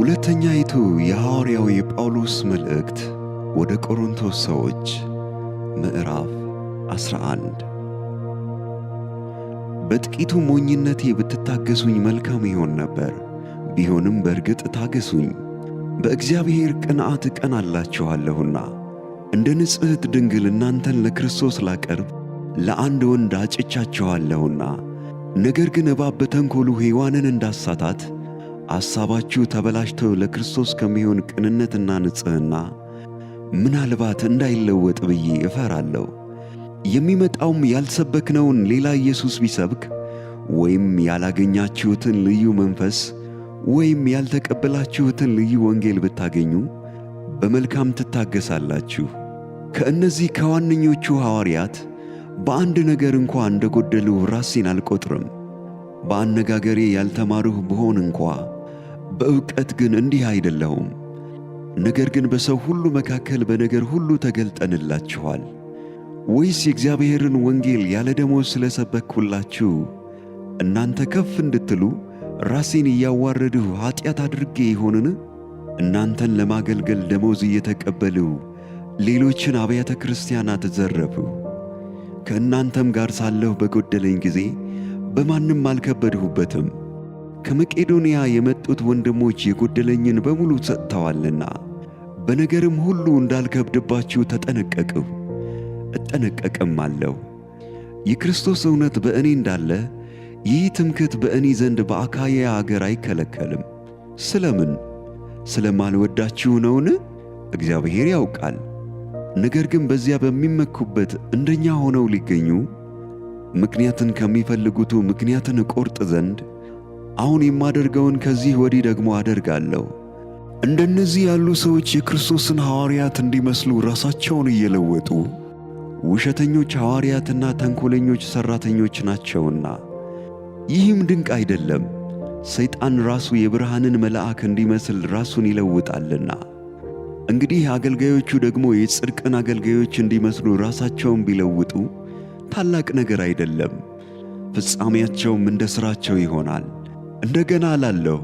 ሁለተኛይቱ የሐዋርያው የጳውሎስ መልእክት ወደ ቆሮንቶስ ሰዎች ምዕራፍ 11 በጥቂቱ ሞኝነቴ ብትታገሱኝ መልካም ይሆን ነበር። ቢሆንም በእርግጥ ታገሱኝ፤ በእግዚአብሔር ቅንዓት እቀናላችኋለሁና። እንደ ንጽሕት ድንግል እናንተን ለክርስቶስ ላቀርብ ለአንድ ወንድ አጭቻችኋለሁና። ነገር ግን እባብ በተንኰሉ ሔዋንን እንዳሳታት አሳባችሁ ተበላሽቶ ለክርስቶስ ከሚሆን ቅንነትና ንጽሕና ምናልባት እንዳይለወጥ ብዬ እፈራለሁ። የሚመጣውም ያልሰበክነውን ሌላ ኢየሱስ ቢሰብክ ወይም ያላገኛችሁትን ልዩ መንፈስ ወይም ያልተቀበላችሁትን ልዩ ወንጌል ብታገኙ በመልካም ትታገሳላችሁ። ከእነዚህ ከዋነኞቹ ሐዋርያት በአንድ ነገር እንኳ እንደ ጎደልሁ ራሴን አልቈጥርም። በአነጋገሬ ያልተማርሁ ብሆን እንኳ በእውቀት ግን እንዲህ አይደለሁም። ነገር ግን በሰው ሁሉ መካከል በነገር ሁሉ ተገልጠንላችኋል። ወይስ የእግዚአብሔርን ወንጌል ያለ ደሞዝ ስለ ሰበክሁላችሁ እናንተ ከፍ እንድትሉ ራሴን እያዋረድሁ ኀጢአት አድርጌ ይሆንን? እናንተን ለማገልገል ደሞዝ እየተቀበልሁ ሌሎችን አብያተ ክርስቲያናት ዘረፍሁ። ከእናንተም ጋር ሳለሁ በጎደለኝ ጊዜ በማንም አልከበድሁበትም። ከመቄዶንያ የመጡት ወንድሞች የጎደለኝን በሙሉ ሰጥተዋልና በነገርም ሁሉ እንዳልከብድባችሁ ተጠነቀቅሁ እጠነቀቅም አለሁ። የክርስቶስ እውነት በእኔ እንዳለ ይህ ትምክህት በእኔ ዘንድ በአካያ አገር አይከለከልም። ስለምን ስለማልወዳችሁ ነውን? እግዚአብሔር ያውቃል። ነገር ግን በዚያ በሚመኩበት እንደኛ ሆነው ሊገኙ ምክንያትን ከሚፈልጉቱ ምክንያትን እቆርጥ ዘንድ አሁን የማደርገውን ከዚህ ወዲህ ደግሞ አደርጋለሁ። እንደነዚህ ያሉ ሰዎች የክርስቶስን ሐዋርያት እንዲመስሉ ራሳቸውን እየለወጡ ውሸተኞች ሐዋርያትና ተንኮለኞች ሠራተኞች ናቸውና። ይህም ድንቅ አይደለም፤ ሰይጣን ራሱ የብርሃንን መልአክ እንዲመስል ራሱን ይለውጣልና። እንግዲህ አገልጋዮቹ ደግሞ የጽድቅን አገልጋዮች እንዲመስሉ ራሳቸውን ቢለውጡ ታላቅ ነገር አይደለም፤ ፍጻሜያቸውም እንደ ሥራቸው ይሆናል። እንደገና እላለሁ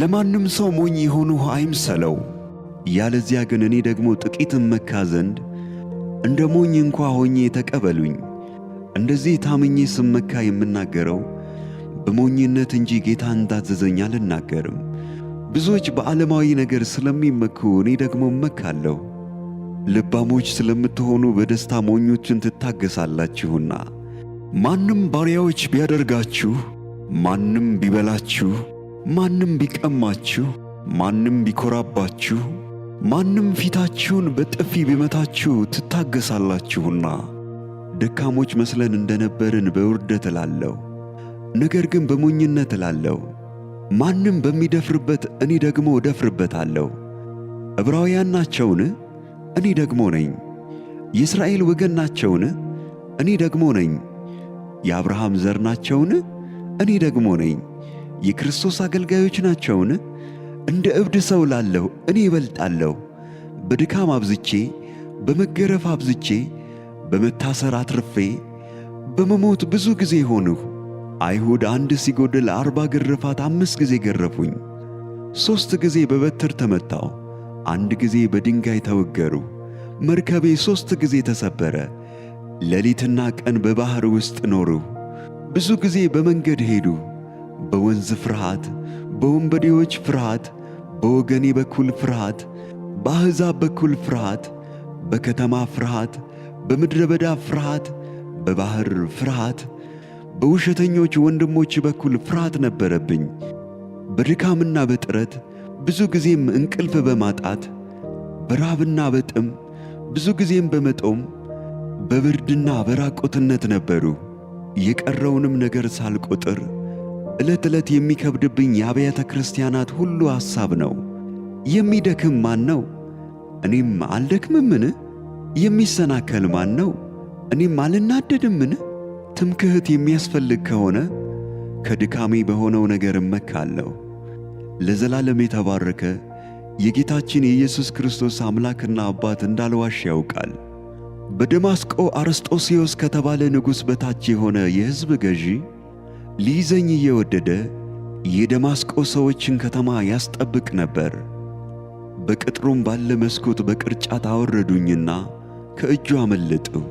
ለማንም ሰው ሞኝ የሆንሁ አይምሰለው፤ ያለዚያ ግን እኔ ደግሞ ጥቂት እመካ ዘንድ እንደ ሞኝ እንኳ ሆኜ ተቀበሉኝ። እንደዚህ ታምኜ ስመካ የምናገረው በሞኝነት እንጂ ጌታ እንዳዘዘኝ አልናገርም። ብዙዎች በዓለማዊ ነገር ስለሚመኩ እኔ ደግሞ እመካለሁ። ልባሞች ስለምትሆኑ በደስታ ሞኞችን ትታገሳላችሁና። ማንም ባሪያዎች ቢያደርጋችሁ ማንም ቢበላችሁ፣ ማንም ቢቀማችሁ፣ ማንም ቢኮራባችሁ፣ ማንም ፊታችሁን በጥፊ ቢመታችሁ ትታገሳላችሁና። ደካሞች መስለን እንደነበርን በውርደት እላለሁ፣ ነገር ግን በሞኝነት እላለሁ። ማንም በሚደፍርበት እኔ ደግሞ እደፍርበታለሁ። ዕብራውያን ናቸውን? እኔ ደግሞ ነኝ። የእስራኤል ወገን ናቸውን? እኔ ደግሞ ነኝ። የአብርሃም ዘር ናቸውን? እኔ ደግሞ ነኝ። የክርስቶስ አገልጋዮች ናቸውን? እንደ እብድ ሰው ላለሁ እኔ ይበልጣለሁ። በድካም አብዝቼ፣ በመገረፍ አብዝቼ፣ በመታሰር አትርፌ፣ በመሞት ብዙ ጊዜ ሆንሁ። አይሁድ አንድ ሲጎድል አርባ ግርፋት አምስት ጊዜ ገረፉኝ። ሦስት ጊዜ በበትር ተመታው አንድ ጊዜ በድንጋይ ተወገሩ። መርከቤ ሦስት ጊዜ ተሰበረ። ሌሊትና ቀን በባሕር ውስጥ ኖርሁ። ብዙ ጊዜ በመንገድ ሄዱ። በወንዝ ፍርሃት፣ በወንበዴዎች ፍርሃት፣ በወገኔ በኩል ፍርሃት፣ በአሕዛብ በኩል ፍርሃት፣ በከተማ ፍርሃት፣ በምድረ በዳ ፍርሃት፣ በባሕር ፍርሃት፣ በውሸተኞች ወንድሞች በኩል ፍርሃት ነበረብኝ። በድካምና በጥረት ብዙ ጊዜም እንቅልፍ በማጣት በራብና በጥም ብዙ ጊዜም በመጦም በብርድና በራቆትነት ነበሩ። የቀረውንም ነገር ሳልቆጥር ዕለት ዕለት የሚከብድብኝ የአብያተ ክርስቲያናት ሁሉ ሐሳብ ነው። የሚደክም ማን ነው? እኔም አልደክምምን? የሚሰናከል ማን ነው? እኔም አልናደድምን? ትምክህት የሚያስፈልግ ከሆነ ከድካሜ በሆነው ነገር እመካለሁ። ለዘላለም የተባረከ የጌታችን የኢየሱስ ክርስቶስ አምላክና አባት እንዳልዋሽ ያውቃል። በደማስቆ አርስጦስዮስ ከተባለ ንጉሥ በታች የሆነ የሕዝብ ገዢ ሊይዘኝ እየወደደ የደማስቆ ሰዎችን ከተማ ያስጠብቅ ነበር። በቅጥሩም ባለ መስኮት በቅርጫት አወረዱኝና ከእጁ አመለጥሁ።